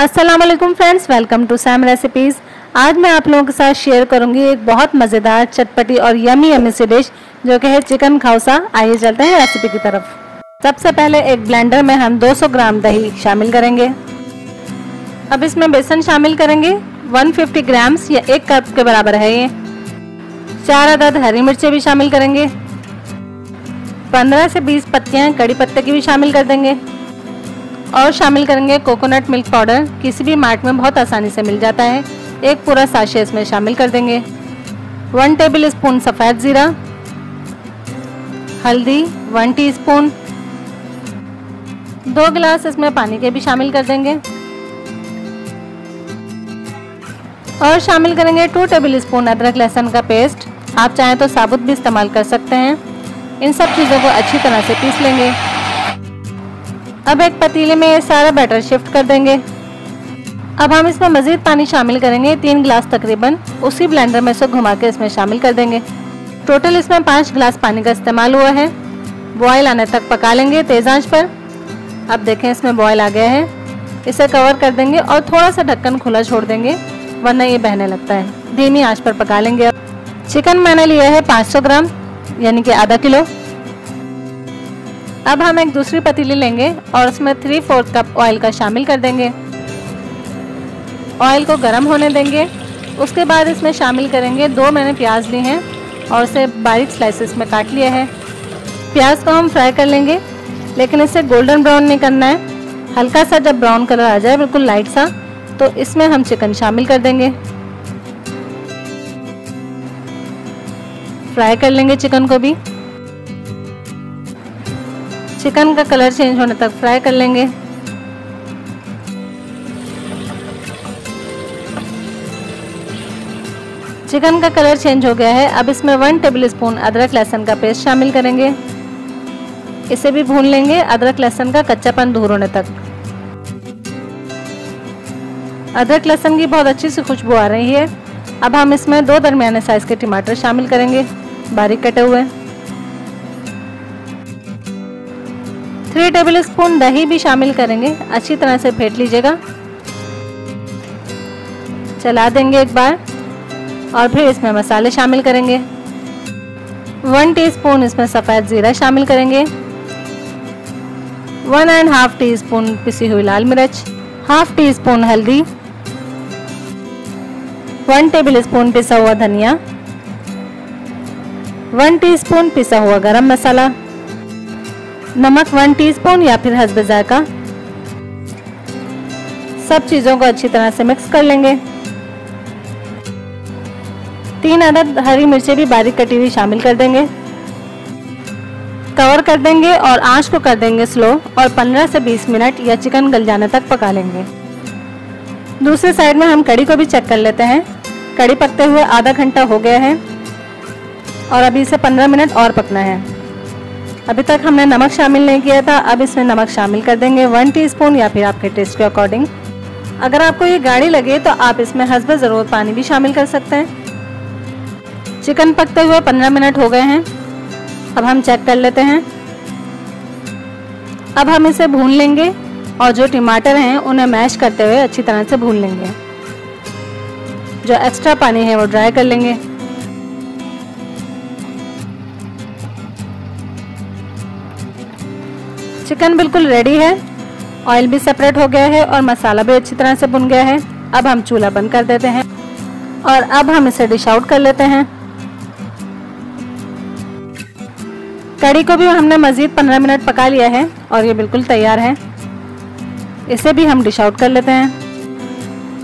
Aslam friends welcome to Sam recipes आज मैं आप लोगों के साथ शेयर करूंगी एक बहुत मज़ेदार चटपटी और यमी यमी सी डिश जो कि है चिकन खाउसा आइए चलते हैं रेसिपी की तरफ सबसे पहले एक ब्लेंडर में हम 200 ग्राम दही शामिल करेंगे अब इसमें बेसन शामिल करेंगे 150 ग्राम्स या एक कप के बराबर है ये चार अदद हरी मिर्चें भी शामिल करेंगे पंद्रह से बीस पत्तियाँ कड़ी पत्ते की भी शामिल कर देंगे और शामिल करेंगे कोकोनट मिल्क पाउडर किसी भी मार्ट में बहुत आसानी से मिल जाता है एक पूरा साशे इसमें शामिल कर देंगे वन टेबल स्पून सफ़ेद ज़ीरा हल्दी वन टीस्पून, दो गिलास इसमें पानी के भी शामिल कर देंगे और शामिल करेंगे टू टेबल स्पून अदरक लहसुन का पेस्ट आप चाहें तो साबुत भी इस्तेमाल कर सकते हैं इन सब चीज़ों को अच्छी तरह से पीस लेंगे अब एक पतीले में ये सारा बैटर शिफ्ट कर देंगे अब हम इसमें मज़ीद पानी शामिल करेंगे तीन गिलास तकरीबन उसी ब्लेंडर में से घुमा के इसमें शामिल कर देंगे टोटल इसमें पाँच गिलास पानी का इस्तेमाल हुआ है बॉयल आने तक पका लेंगे तेज़ आंच पर अब देखें इसमें बॉयल आ गया है इसे कवर कर देंगे और थोड़ा सा ढक्कन खुला छोड़ देंगे वरना ये बहने लगता है धीमी आंच पर पका लेंगे अब चिकन मैंने लिया है पाँच ग्राम यानी कि आधा किलो अब हम एक दूसरी पतीली लेंगे और उसमें थ्री फोर्थ कप ऑयल का शामिल कर देंगे ऑयल को गर्म होने देंगे उसके बाद इसमें शामिल करेंगे दो मैंने प्याज ली हैं और उसे बारीक स्लाइसिस में काट लिया है प्याज को हम फ्राई कर लेंगे लेकिन इसे गोल्डन ब्राउन नहीं करना है हल्का सा जब ब्राउन कलर आ जाए बिल्कुल लाइट सा तो इसमें हम चिकन शामिल कर देंगे फ्राई कर लेंगे चिकन को भी चिकन का कलर चेंज होने तक फ्राई कर लेंगे चिकन का कलर चेंज हो गया है अब इसमें वन टेबल स्पून अदरक लहसुन का पेस्ट शामिल करेंगे इसे भी भून लेंगे अदरक लहसुन का कच्चापन दूर होने तक अदरक लहसुन की बहुत अच्छी सी खुशबू आ रही है अब हम इसमें दो दरमियाने साइज़ के टमाटर शामिल करेंगे बारीक कटे हुए थ्री टेबल स्पून दही भी शामिल करेंगे अच्छी तरह से फेंट लीजिएगा चला देंगे एक बार और फिर इसमें मसाले शामिल करेंगे वन टीस्पून इसमें सफ़ेद ज़ीरा शामिल करेंगे one and half teaspoon पिसी हुई लाल मिर्च हाफ टी स्पून हल्दी वन टेबल स्पून पिसा हुआ धनिया वन टीस्पून पिसा हुआ गरम मसाला नमक वन टीस्पून या फिर हसब का सब चीज़ों को अच्छी तरह से मिक्स कर लेंगे तीन अदद हरी मिर्चें भी बारीक कटी हुई शामिल कर देंगे कवर कर देंगे और आंच को कर देंगे स्लो और 15 से 20 मिनट या चिकन गल जाने तक पका लेंगे दूसरे साइड में हम कड़ी को भी चेक कर लेते हैं कड़ी पकते हुए आधा घंटा हो गया है और अभी इसे 15 मिनट और पकना है अभी तक हमने नमक शामिल नहीं किया था अब इसमें नमक शामिल कर देंगे वन टीस्पून या फिर आपके टेस्ट के अकॉर्डिंग अगर आपको ये गाढ़ी लगे तो आप इसमें हसब ज़रूरत पानी भी शामिल कर सकते हैं चिकन पकते हुए पंद्रह मिनट हो गए हैं अब हम चेक कर लेते हैं अब हम इसे भून लेंगे और जो टमाटर हैं उन्हें मैश करते हुए अच्छी तरह से भून लेंगे जो एक्स्ट्रा पानी है वो ड्राई कर लेंगे चिकन बिल्कुल रेडी है ऑयल भी सेपरेट हो गया है और मसाला भी अच्छी तरह से बुन गया है अब हम चूल्हा बंद कर देते हैं और अब हम इसे डिश आउट कर लेते हैं कड़ी को भी हमने मज़ीद 15 मिनट पका लिया है और ये बिल्कुल तैयार है इसे भी हम डिश आउट कर लेते हैं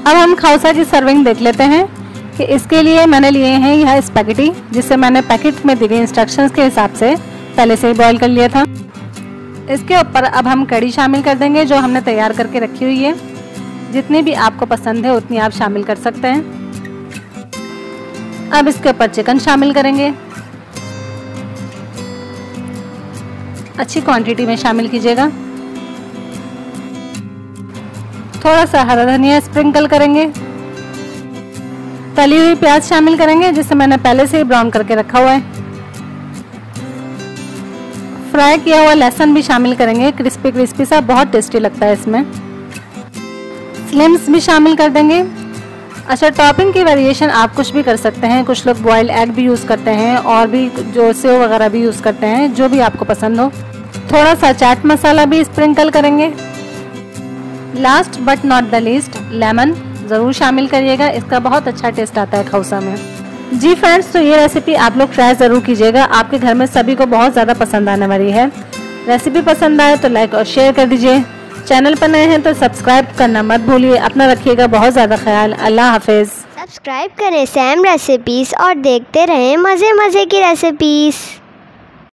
अब हम खाउसा की सर्विंग देख लेते हैं कि इसके लिए मैंने लिए हैं यह स्पैगेटी जिसे मैंने पैकेट में दी गई इंस्ट्रक्शंस के हिसाब से पहले से ही बॉईल कर लिया था इसके ऊपर अब हम कड़ी शामिल कर देंगे जो हमने तैयार करके रखी हुई है जितनी भी आपको पसंद है उतनी आप शामिल कर सकते हैं अब इसके ऊपर चिकन शामिल करेंगे अच्छी क्वांटिटी में शामिल कीजिएगा थोड़ा सा हरा धनिया स्प्रिंकल करेंगे तली हुई प्याज शामिल करेंगे जिसे मैंने पहले से ही ब्राउन करके रखा हुआ है फ्राई किया हुआ लहसन भी शामिल करेंगे क्रिस्पी क्रिस्पी सा बहुत टेस्टी लगता है इसमें स्लिम्स भी शामिल कर देंगे अच्छा टॉपिंग की वेरिएशन आप कुछ भी कर सकते हैं कुछ लोग बॉयल्ड एग भी यूज़ करते हैं और भी जो सेव वगैरह भी यूज़ करते हैं जो भी आपको पसंद हो थोड़ा सा चाट मसाला भी स्प्रिंकल करेंगे last but not the least lemon ज़रूर शामिल करिएगा इसका बहुत अच्छा टेस्ट आता है खौसा में जी फ्रेंड्स तो ये रेसिपी आप लोग ट्राई ज़रूर कीजिएगा आपके घर में सभी को बहुत ज़्यादा पसंद आने वाली है रेसिपी पसंद आए तो लाइक और शेयर कर दीजिए चैनल पर नए हैं तो सब्सक्राइब करना मत भूलिए अपना रखिएगा बहुत ज़्यादा ख्याल अल्लाह हाफिज़ सब्सक्राइब करें सैम रेसिपीज़ और देखते रहें मज़े मज़े की रेसिपीज़